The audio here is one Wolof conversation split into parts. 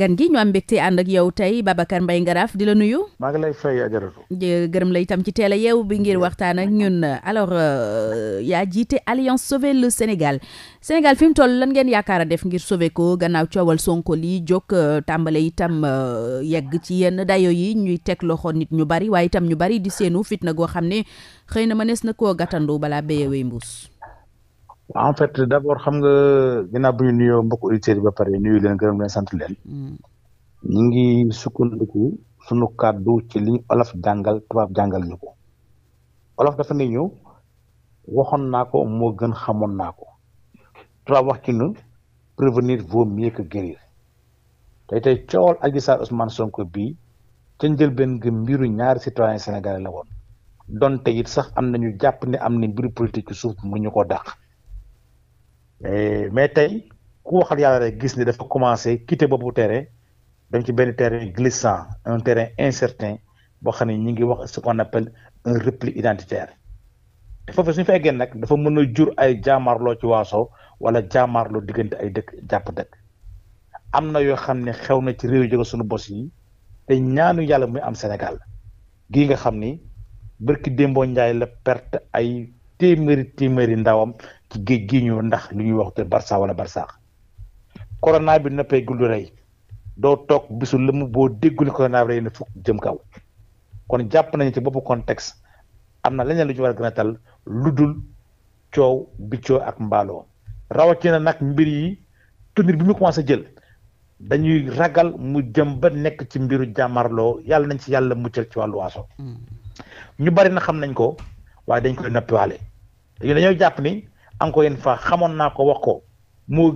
gan gi ñoo am mbégte ànd ak yow tey Babacar mbay ngaraaf di la nuyu. maa gërëm la itam ci teel a yeew bi ngir waxtaan ak ñun alors euh, yaa jiite Alliance Sauver le Sénégal Sénégal fi mu toll lan ngeen yaakaar a def ngir sauver ko gannaaw coowal Sonko lii jóg euh, tàmbale itam euh, yegg ci yenn dayo yi ñuy teg loxo nit ñu bari waaye itam ñu bari di seenu fitna goo xam ne xëy na mënees na koo gàttandu balaa béyewee mbuus. en fait d' abord xam nga ginnaaw bu ñu nuyoo mbokku auditeurs yi ba pare nuyu leen gërëm leen sant leen. Mm. ñu ngi sukkandiku sunu kàddu ci li olof jàngal tubaab jàngal ñu ko. olof dafa ne ñëw waxoon naa ko moo gën xamoon naa ko. tubaab wax ci nu prévenir vaut mieux que guérir. tey tey coowal Adji Sarr Ousmane Sonko bii ca njëlbeen nga mbiru ñaari citoyen sénégalais la woon. donte it sax am nañu jàpp ne am na mbiru politique ci suuf mu ñu ko dàq. Eh, mais tey ku waxal yàlla rek gis ni dafa commencé quitter boobu terrain dem ci benn terrain glissant un terrain incertain boo xam ne ñu ngi wax ce qu'on appelle un repli identitaire te foofu suñu fa eggee nag dafa mën a jur ay jaamarloo ci waaso wala loo diggante ay dëkk jàpp dëkk am na yoo xam ne xew na ci réew yi jóge suñu bos yi te ñaanu yàlla muy am Sénégal gii nga xam ni bërki démboo njaay la perte ay téeméeri téeméeri ndawam ci géej gi ñu ndax lu ñuy wax te barsa wala barsaax corona bi noppee gul rey doo toog bisu lëmm boo déggul corona bi rey na fukk jëm kaw kon jàpp nañu ci boppu contexte am na leneen lu ci war a gën a tal lu dul coow biccoo ak mbaaloo rawatina nag mbir yi tournure bi mu commencé jël dañuy ragal mu jëm ba nekk ci mbiru jàmmarloo yàlla nañ ci yàlla muccal ci wàllu waaso hmm. ñu bari na xam nañ ko waaye dañ koy noppiwaale dañoo jàpp ni encore une fois xamoon naa ko wax ko moo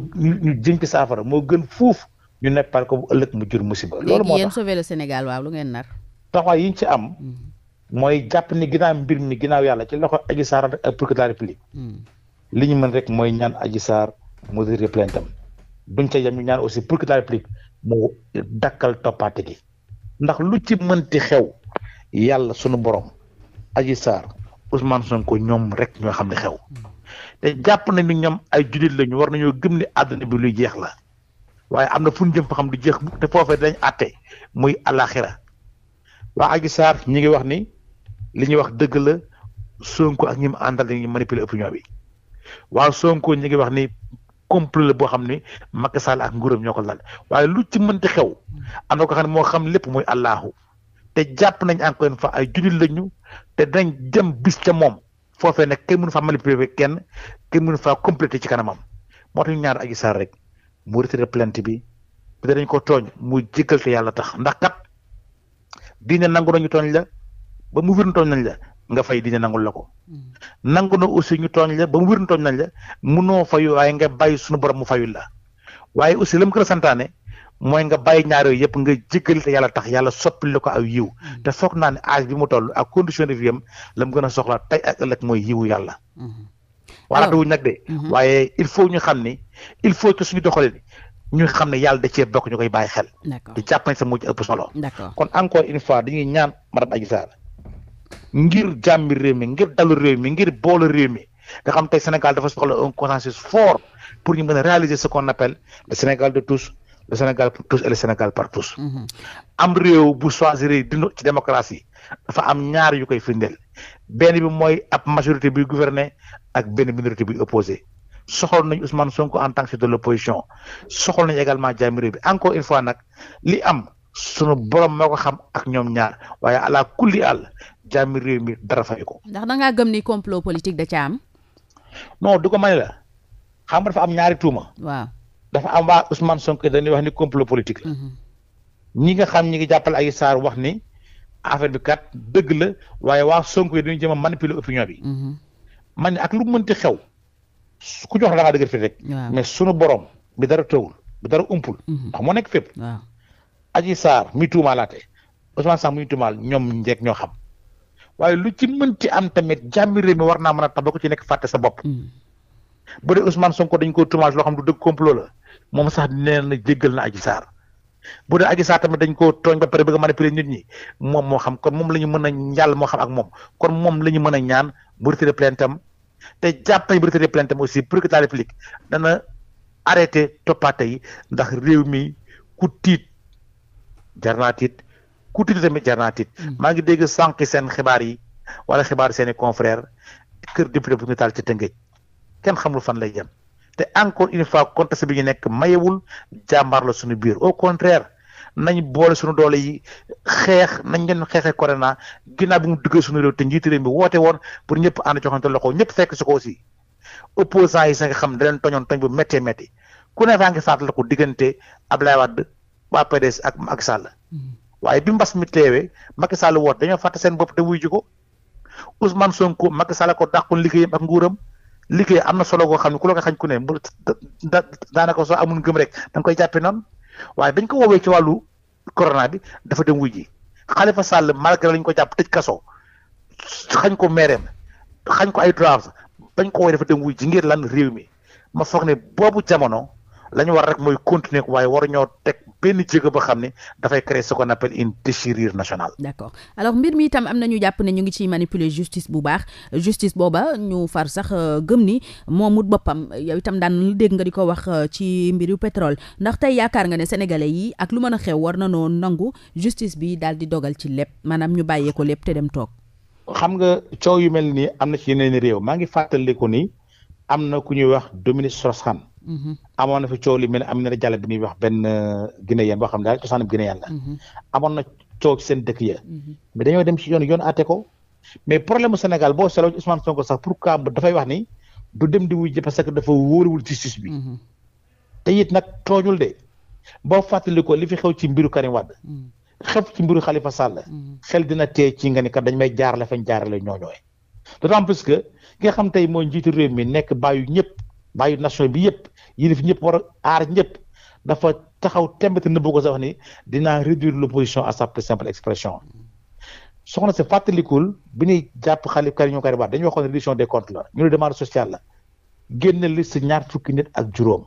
ñu jëm ci saafara moo gën fuuf ñu nekk par ko bu ëllëg mu jur musiba. loolu moo tax yéen sauver le lu ngeen nar. taxawaay yi ñu ci am. Mm-hmm. mooy jàpp ni ginaaw mbir mi ginnaaw yàlla ci loxo Adji Sarr ak procureur de la République. Mm-hmm. li ñu mën rek mooy ñaan aji saar mu retiré plainte am duñ ca yem ñu ñaan aussi procureur de la mu dakkal toppaate gi ndax lu ci mënti xew yàlla sunu borom Adji Sarr Ousmane Sonko ñoom rek ñoo xam ne xew. Mm-hmm. te jàpp nañ ni ñoom ay jullit lañu war nañoo gëm ne àdduna bi luy jeex la waaye am na fu ñu jëm fa xam du jeex te foofee dañ ate muy alaxira waa Adji Sarr ñi ngi wax ni li ñuy wax dëgg la Sonko ak ñi mu àndal dañuy manipuler opinion bi waaw Sonko ñi ngi wax ni complot la boo xam ni Macky Sall ak nguuram ñoo ko lal waaye lu ci mënti xew am na ko xam ne moo xam lépp muy allahu te jàpp nañ encore fa ay jullit lañu te dañ jëm bis ca moom. foofee nag kenn mënu faa manipulé kenn kenn mënu faa complété ci kanamam moo tax ñu ñaar Adji Sarr rek mu retiré plainte bi peut être dañ ko tooñ mu jéggal te yàlla tax ndax kat diine nangu na ñu tooñ la ba mu wir tooñ nañ la nga fay diine nangul la ko. Mm. nangu na aussi ñu tooñ la ba mu wir tooñ nañ la mënoo fayu waaye nga bàyyi suñu borom mu fayul la waaye aussi la mu gën santaane mooy nga bàyyi ñaar yooyu yëpp nga jéggal te yàlla tax yàlla soppil ko aw yiw mm-hmm. te foog naa ne âge bi mu toll ak condition de vie am la mu a soxla tey a ëllëg mooy yiwu yàlla. walaata mm-hmm. wuñ nag de. Mm-hmm. waaye il faut ñu xam ni il faut que suñu doxalee ñu xam ne yàlla de cee bokk ñu koy bàyyi xel. di jàpp ne sa mujj ëpp solo. kon encore une fois dañuy ñaan ma madame Adji Sarr ngir jàmmi réew mi ngir dalu réew mi ngir boolu réew mi nga xam tey Sénégal dafa soxla un consensus fort pour ñu mën a réaliser ce qu'on appelle le Sénégal de tous le Sénégal pour tous et le par tous. Mm-hmm. am réew bu choisir dund ci démocratie dafa am ñaar yu koy firndeel benn bi mooy ab majorité bi gouverner ak benn minorité buy opposé soxal nañ Ousmane Sonko en tant que chef de l'opposition soxal nañ également jaami réew bi encore une fois nag li am sunu borom moo ko xam ak ñoom ñaar waaye ala kulli àll jaami réew mi dara fay ko. ndax da ngaa gëm ni complot politique da ca am. non du ko may la xam nga am ñaari tuuma. dafa am waa Ousmane Sonko dañuy wax ni complot politique mhm. ñi nga xam ñi ngi jàppale ay saar wax ni affaire bi kat dëgg la waaye waa Sonko yi dañuy jëm a bi. Mhm. man ne ak lu mënti xew ku jox la da ngaa dëgër borom bi dara tawul bi dara umpul. Mhm. nekk fépp. aji saar mi tuumaalaate Ousmane ñoom njeeg ñoo xam waaye lu ci mënti am tamit jàmmi réew mi war naa mën a tax ba ci nekk fàtte sa bopp. bu dee Ousmane dañ ko tuumaal loo xam du dëgg complot la. moom sax nee na jéggal na Adji Sarr bu dee Adji Sarr tamit dañ ko tooñ ba pare bëgg a manipuler nit ñi moom moo xam kon moom la ñu mën a yàlla moo xam ak moom kon moom la ñu mën a ñaan bu retiré plainte am te jàpp nañ bu retiré plainte am aussi pour que la république dana arrêté toppaate yi ndax réew mi ku tiit jar naa tiit ku tiit tamit jar hmm. maa ngi dégg sànq seen xibaar yi wala xibaar seen i confrères kër député bu ñu taal ci Tëngéej kenn xamul fan lay jëm. te encore une fois contexte bi ñu nekk mayewul jàmbaar la suñu biir au contraire nañ boole suñu doole yi xeex nañ leen xeexee corona ginnaaw bi mu duggee suñu réew te njiitu réew mi woote woon pour ñëpp ànd te loxo ñëpp fekk si ko aussi opposant yi sa nga xam da leen toñoon toñ bu mettee métti ku ne faa ngi saat la ko diggante Abdoulaye Wade waa PDS ak Macky Sall mm-hmm. waaye bi mbas mi teewee Macky Sall woote dañoo fàtte seen bopp te wuy ji ko Ousmane Sonko Macky Sall ko dàqul liggéeyam ak nguuram liggéey am na solo goo xam ne ku la ko xañ ku ne da daanaka soo amuñ ngëm rek da koy jàppee noonu waaye bañ ko woowee ci wàllu corona bi dafa dem wuy ji Khalifa Sall malgré lañ ko jàpp tëj kaso xañ ko meereem xañ ko ay droits bañ ko woowee dafa dem wuy ngir lan réew mi ma foog ne boobu jamono la ñu war rek mooy continuer waaye waruñoo teg benn jéego ba xam ne dafay créer ce qu'on appelle une déchirure nationale. d'accord alors mbir mi itam am na ñu jàpp ne ñu ngi ciy manipuler justice bu baax justice booba ñu far sax euh, gëm ni moom moomut boppam yow itam daan dégg nga di ko wax euh, ci mbiru pétrole ndax tey yaakaar nga ne sénégalais yi ak lu mën a xew war na noo nangu justice bi daal di dogal ci lépp maanaam ñu bàyyee ko lépp te dem toog. xam nga coow yu mel nii am na ci yeneen réew maa ngi fàttaliku ni am na ku ñuy wax Dominique strauss amoon na fi coow li mel ne Aminata Diallo bi ñuy wax benn euh, Guinéen boo xam ne daal cosaanam Guinéen la. Mhm. amoon na coow seen dëkk ya. Mhm. mais dañoo dem ci yoon yoon àtte ko mais problème Sénégal boo seetloo ci Ousmane Sonko sax pourquoi dafay wax ni du dem di wujj parce que dafa wóoruwul justice bi. Mhm. te it nag tooñul de boo fàttali ko li fi xew ci mbiru Karim Wade. xew ci mbiru Khalifa Sall. xel dina tee ci nga ni kat dañ may jaarale fañ jaarale ñooñooy. d'autant plus que ki nga xam tey mooy njiitu réew mi nekk bàyyu ñëpp. bàyyi nation bi yëpp yilif ñëpp war a aar ñëpp dafa taxaw temb te nëbbu ko sax ni dinaa réduire l'opposition à sa plus simple expression soxna si fàttalikul bi ñuy jàpp xalif kari ñoo kari baat dañuy waxoon réduction des comptes la ñu ne demande sociale la génne liste ñaar fukki nit ak juróom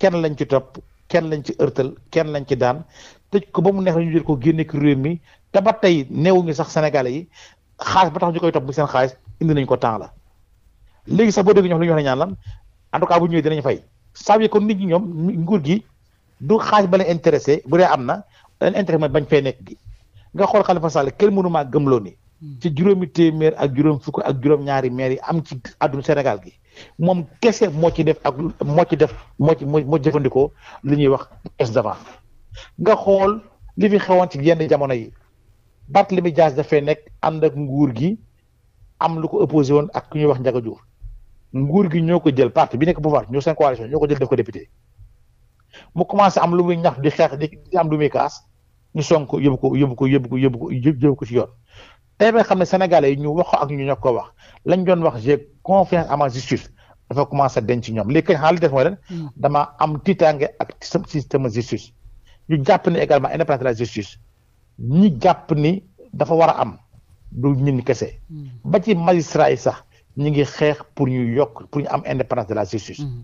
kenn lañ ci topp kenn lañ ci ërtal kenn lañ ci daan tëj ko ba mu neex la ñu jël ko génne ki mi te ba tey néewuñu sax sénégalais yi xaalis ba tax ñu koy topp bu seen xaalis indi nañ ko temps la léegi sax boo dégg ñox lu ñu wax en tout cas bu ñëwee dinañ fay saa yu kon nit ñi ñoom nguur gi du xaaj ba leen intéressé bu dee am na leen intéressé bañ fee nekk gi nga xool Khalifa Sall kenn mënu maa gëmloo ni hmm. ci juróomi téeméer ak juróom fukk ak juróom-ñaari maire yi am ci àdduna Sénégal gi moom kese moo ci def ak moo ci def moo ci moo jëfandikoo li ñuy wax es d'avant nga xool li fi xewoon ci yenn jamono yi Barthélémy Dias dafay nekk ànd ak nguur gi am lu ko opposé woon ak ku ñuy wax Ndiaga Diouf nguur gi ñoo ko jël parti bi nekk pouvoir ñoo seen coalition ñoo ko jël def ko député mu commencé am lu muy ñax di xeex di am lu muy kaas ñu sonk ko yóbbu ko yóbbu ko yóbbu ko yóbbu ko yóbbu ci yoon tey ba xam ne sénégalais yi ñu wax ak ñu ñoo ko wax lañ doon wax j'ai confiance à ma justice dafa commencé den ci ñoom léegi kañ xaalis def mooy leen hmm. dama am tiitaange ak système justice ñu jàpp ni également indépendance de la justice ñi jàpp ni dafa war a am du ñun kese hmm. ba ci magistrat sax ñu ngi xeex pour ñu yokk pour ñu am indépendance de la justice. Mm-hmm.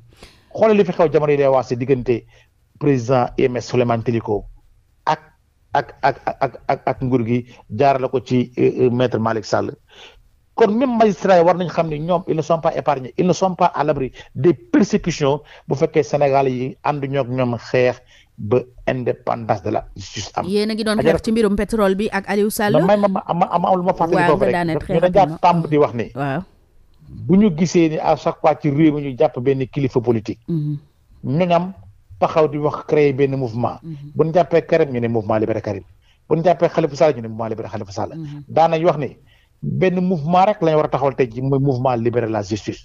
xoolal li fi xew jamono yi day waase diggante président IMS Souleymane Téliko ak ak ak ak ak ak nguur gi jaarale ko ci euh, euh, maître Malick Sall. kon même magistrats yi war nañ xam ne ñoom ils ne sont pas épargnés ils ne sont pas à l'abri des persécutions bu fekkee Sénégal yi ànd ñoog ñoom xeex ba indépendance de la justice am. yéen a ngi doon xeex ci mbirum pétrole bi ak Aliou Sall. may ma ma ma lu ma fàttali. waaw wax ni. bu ñu gisee ni à chaque fois ci réew mi ñu jàpp benn kilifa politique. ñoñam mhm. taxaw di wax créer benn mouvement. Mhm. bu ñu jàppee Karim ñu ne mouvement libéré Karim bu ñu jàppee Khalifa Sall ñu ne mouvement libéré Khalifa Sall. Mhm. daanañ wax ne benn mouvement rek lañ war a taxawal te ji mooy mouvement libéré la justice.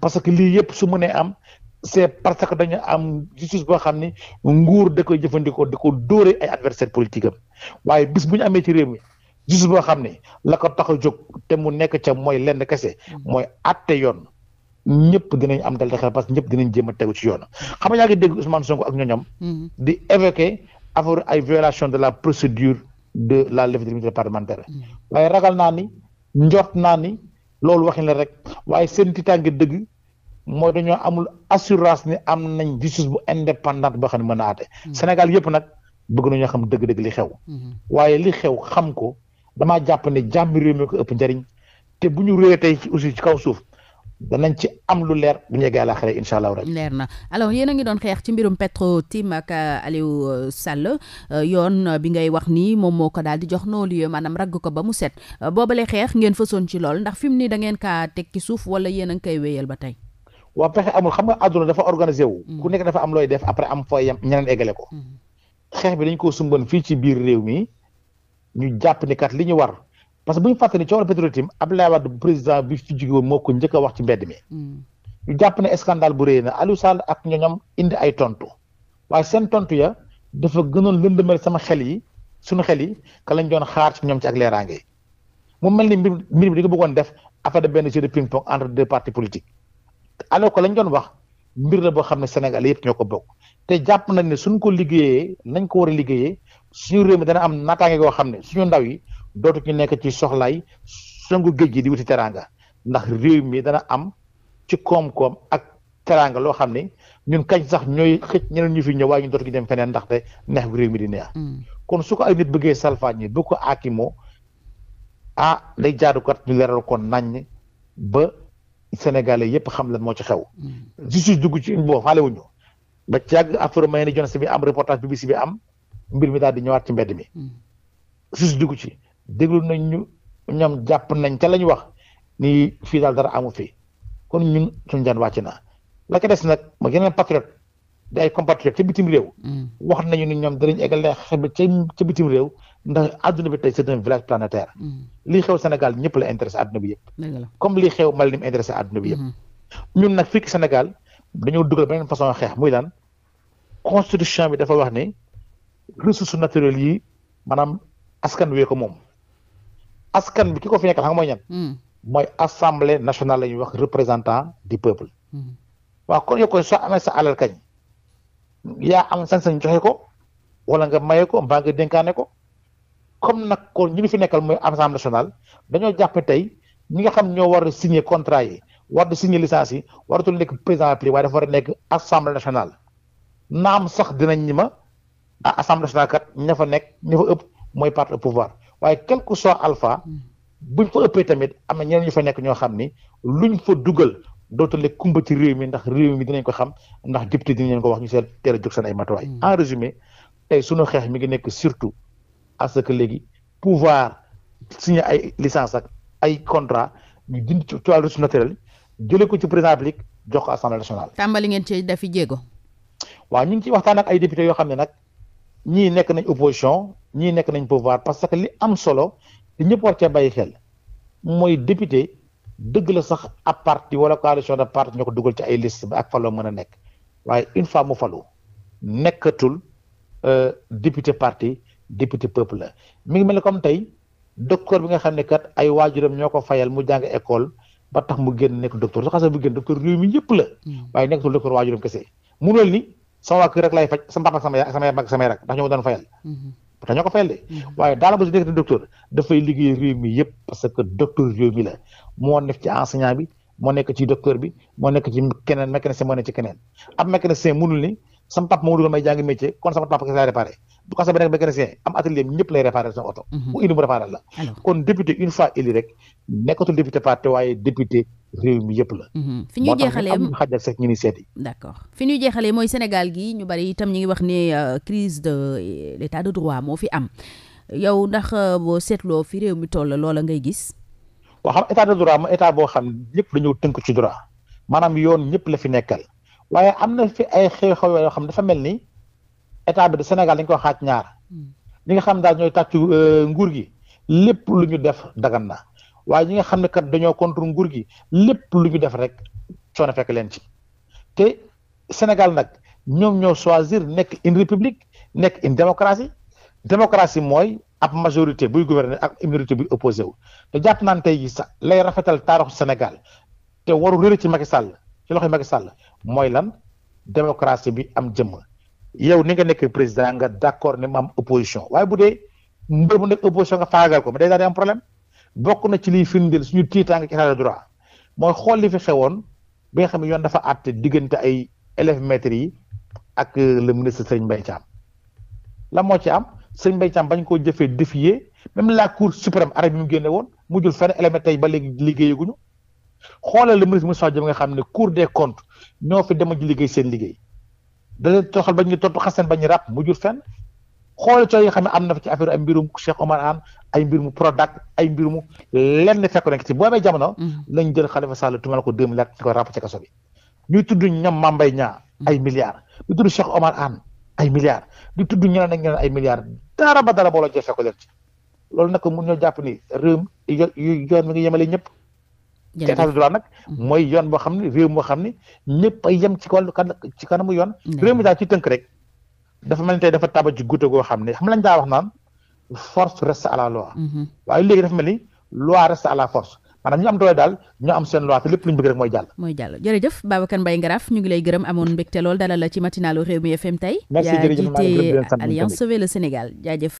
parce que lii yëpp su mënee am. c'est parce que dañu am justice boo xam ni nguur da koy jëfandikoo di ko dóore ay adversaire politique am waaye bis bu ñu amee ci réew mi justice boo xam ne la ko tax a jóg te mu nekk ca mooy lenn kese mm-hmm. mooy àtte yoon ñëpp dinañ am dal xel parce que ñëpp dinañ jéem a tegu ci yoon xam nga yaa ngi dégg Ousmane Sonko ak ñooñam mm-hmm. di évoquer affaire ay violation de la procédure de la levée de l'immunité parlementaire mm-hmm. waaye ragal naa ni njort naa ni loolu waxin la rek waaye seen tiitaange dëgg mooy dañoo amul assurance ni am nañ justice bu indépendante boo xam ne mën a aate Sénégal yëpp nag bëgg nañoo xam dëgg-dëgg li xew dama jàpp ne jàmm réew mi ko ëpp njëriñ te bu ñu réer tey ci aussi ci kaw suuf danañ ci am lu leer bu ñu yeggee àllaaxira incha allah rabi. leer na alors yéen a ngi doon xeex ci mbirum Petro-Tim ak euh, Aliou euh, Sall euh, yoon bi ngay wax nii moom moo ko daal di jox non-lieu maanaam ragg ko ba mu set boobale xeex ngeen fësoon ci lool ndax fi mu nii da ngeen kaa teg ci suuf wala yéen a ngi koy wéyal ba tey. waaw pexe amul xam nga àdduna dafa organisé wu. Mm. ku nekk dafa am looy def après am fooy yam ñeneen eggale ko. Mm-hmm. xeex bi dañ koo sumboon fii ci biir réew mi ñu jàpp ni kat li ñu war parce que bu ñu fàttali coono Petro-Tim Abdoulaye Wade président bi fi jóge moo ko njëkk wax ci mbedd mi. Hmm. ñu jàpp ne scandale bu rëyee na Aliou Sall ak ñoñam indi ay tontu waaye seen tontu ya dafa gënoon lëndëmal sama xel yi suñu xel yi ka lañ doon xaar ci ñoom ci ak leeraange yi mu mel ni mbir mbir bi di ko bëggoon def affaire de benn jeu de ping pong entre deux partis politiques alors que lañ doon wax mbir la boo xam ne Sénégal yëpp ñoo ko bokk te jàpp nañ ne suñ ko liggéeyee nañ ko war a liggéeyee suñu réew mi dana am naataange goo xam ne suñu ndaw yi dootu ñu nekk ci soxlaay sangu géej gi di wuti teraanga ndax réew mi dana am ci koom-koom ak teraanga loo xam ne ñun kañ sax ñooy xëcc ñeneen ñu fi ñëw waaye ñu dootu ñu dem feneen ndaxte neex bi réew mi di neex. Mm. kon su ko ay nit bëggee salfaañi bu ko aakimoo ah day jaaru kat ñu leeral ko naññ ba Sénégalais yépp xam la moo ci xew. Mm. justice dugg ci une boo xaale wuñu ba ci yàgg affaire Mayeni Jones bi am reportage BBC bi am. mbir mi daal di ñëwaat ci mbedd mi. Hmm. suuf dugg ci déglu nañ ñu ñoom jàpp nañ ca la ñu wax ni fii daal dara amu fi kon ñun suñu jaan wàcc na la ca des nag ma yeneen patriote di ay compatriote ca bitim réew. Hmm. wax nañu ni ñoom danañ eggale xel bi ca bitim réew ndax adduna bi te c'est un village planétaire. Hmm. lii xew Sénégal ñëpp la intéressé adduna bi yëpp. comme lii xew Mali ni mu intéressé adduna bi yëpp. ñun nag fii Sénégal dañoo dugal beneen façon xeex muy daan constitution bi dafa wax ni. ressources naturelles yi maanaam askan wee ko moom askan bi ki ko fi nekkal xam nga mooy ñan. Hmm. mooy assemblée nationale la ñuy wax représentant du peuple. Hmm. waaw kon yow koy soo amee sa alal kañ yaa am sañ-sañ joxe ko wala nga maye ko mbaa nga dénkaane ko comme nag kon ñi ñu fi nekkal mooy assemblée nationale dañoo jàpp tey ñi nga xam ñoo war a contrat yi war di signer licence yi waratu nekk président appli waaye dafa war a nekk assemblée nationale naam sax dinañ ñi ah assemblée nationale kat ña fa nekk ña fa ëpp mooy parti au pouvoir waaye quel que soit alpha mm. buñ fa ëppee tamit am na ñeneen ñu fa nekk ñoo xam ni luñ fa dugal dootale kumba ci réew mi ndax réew mi dinañ ko xam ndax député dinañ leen ko wax ñu seen teel a jóg seen ay matuwaay. Mm. en résumé tey xeex mi ngi nekk surtout à ce que léegi pouvoir signer ay licence ak ay contrat ñu dind ci wàllu ressource naturelle jëlee ko ci président public jox ko assemblée nationale. tàmbali ngeen ci dafi jéego. waa ñu ngi ciy waxtaan ak ay député yoo xam ne nag. ñii nekk nañ opposition ñii nekk nañ pouvoir parce que li am solo li ñëpp war cee bàyyi xel mooy député dëgg la sax ab parti wala coalition de parti ñoo ko dugal ci ay list ba ak faloo mën a nekk waaye une fois mu falu nekkatul euh, député parti député peuple la mi ngi mel ni comme tey docteur bi nga xam ne kat ay waajuram ñoo ko fayal mu jàng école ba tax mu génn nekk docteur su xasee bu génn docteur réew mi yëpp la hmm. waaye nekkatul docteur waajuram kese mu lool ni sama waa kër rek lay faj sama papa sama yaay sama yaay samay rak ndax ñoo doon fayal. te mm-hmm. ñoo ko fayal de. Mm-hmm. waaye daal ba su nekkati docteur dafay liggéey réew mi yëpp parce que docteur réew mi la moo nekk ci enseignant bi moo nekk ci docteur bi moo nekk ci keneen mécanicien moo nekk sama papa moo may jàngi métier am atelier bi lay réparé sa oto. bu mm-hmm. indi mu réparé la. kon député une fois élu rek nekkatul député parti waaye député. réew mi yëpp la. Mhm. fi ñuy jeexalee moo tax ñu ni seeti. d'accord fi ñuy jeexalee mooy Sénégal gi ñu bari itam ñu ngi wax ne euh, crise de euh, l'état de droit moo fi am yow ndax euh, boo seetloo fi réew mi toll loola ngay gis. waaw xam état de droit mooy état boo xam ñëpp dañoo tënk ci droit maanaam yoon ñëpp la fi nekkal waaye am na fi ay xew-xew yoo xam dafa mel ni état bi de Sénégal dañ ko xaaj ñaar hmm. ñi nga xam daal ñooy tàccu nguur gi lépp lu ñu def dagan na. waaye ñi nga xam ne kat dañoo contre nguur gi lépp lu ñu def rek coono fekk leen ci te Sénégal nag ñoom ñoo choisir nekk une république nekk une démocratie démocratie mooy ab majorité buy gouverner ak minorité buy opposé wu te jàpp naan tey sax lay rafetal taarixu Sénégal te waru réer ci Macky Sall ci loxoy Macky Sall mooy lan démocratie bi am jëmm yow ni nga nekk président nga d'accord ne ma am opposition waaye bu dee mbir mu nekk opposition nga ko mais day daal di bokk na ci liy firndeel suñu tiitaanga ci état de droit mooy xool li fi xewoon bi nga xam ne yoon dafa àtte diggante ay élèves maîtres yi ak euh, le ministre Serigne Mbaye Thiam la moo ci am Serigne Mbaye Thiam bañ koo jëfee défier même laa cour suprême arrêt bi mu génne woon mujjul fenn élèves tey ba léegi liggéeyaguñu xoolal le ministre Moussa Diop nga xam ne cour de comptes ñoo fi dema ji liggéey seen liggéey da leen toxal bañ ñu tontu xasan bañ ñu ràpp mujjul xoole coow yi xam ne am na fa ci affaire ay mbirum Cheikh Omar Anne ay mbirum Prodac ay mbirum lenn fekk na ci boo amee jamono. Mm. lañ jël Khalifa Sall tumal ko 2000 ak ko ràpp ci kaso bi. ñuy tudd ñoom Mame Mbaye Niang mm. ay milliards ñu tudd Cheikh Omar Anne ay milliards di tudd ñeneen ak ay milliards dara ba dara booloo jël fekk leen ci loolu nag mun ñoo jàpp ni réew mi yoon mi ngi yemale ñëpp. jërëjëf état mm. mooy yoon boo xam ne réew moo xam ne ñëpp ay yem ci wàllu kan ci kanamu yoon. réew mi daal ci tënk rek. dafa mel ni tey dafa taba ci guddo xam ne xam lañ daa wax naan force reste à la loi. Mhm. waaye léegi dafa mel ni loi reste à force maanaam ñu am doole daal ñu am seen loi te lépp lu ñu rek mooy jàll. mooy jàll jërëjëf Babacar Mbaye ñu ngi lay gërëm amoon mbégte lool dalal la ci matinalu réew mi FM tey. merci jërëjëf